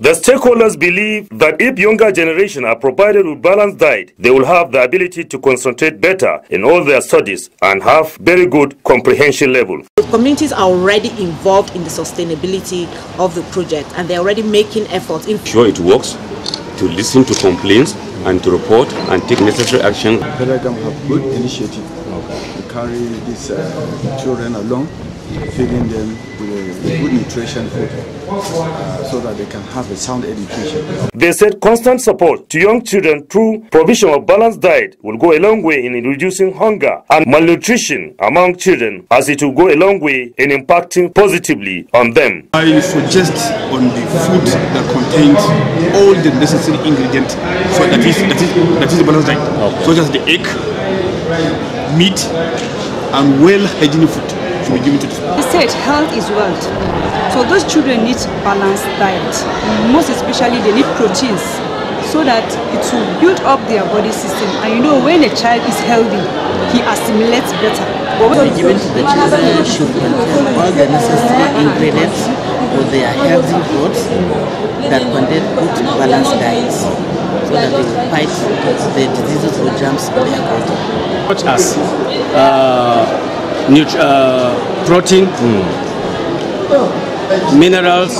The stakeholders believe that if younger generation are provided with balanced diet, they will have the ability to concentrate better in all their studies and have very good comprehension level. The communities are already involved in the sustainability of the project and they're already making efforts. In sure it works to listen to complaints and to report and take necessary action. Pelagam have good initiative to carry these uh, children along feeding them with a good nutrition food uh, so that they can have a sound education. They said constant support to young children through provision of balanced diet will go a long way in reducing hunger and malnutrition among children as it will go a long way in impacting positively on them. I suggest on the food that contains all the necessary ingredients so that is, that is, that is a balanced diet, okay. such so as the egg, meat, and well hygiene food should be given to He said health is wealth. So those children need balanced diet. Most especially they need proteins so that it will build up their body system. And you know when a child is healthy, he assimilates better. What we be given to the children should contain all the necessary ingredients for their healthy foods that contain good balanced diets so that they will fight the diseases or germs in their body. Such as uh, uh, protein, mm. minerals,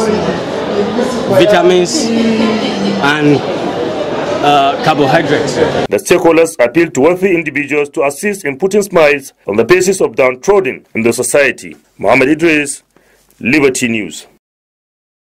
vitamins, and uh, carbohydrates. The stakeholders appeal to wealthy individuals to assist in putting smiles on the faces of downtrodden in the society. Mohammed Idris, Liberty News.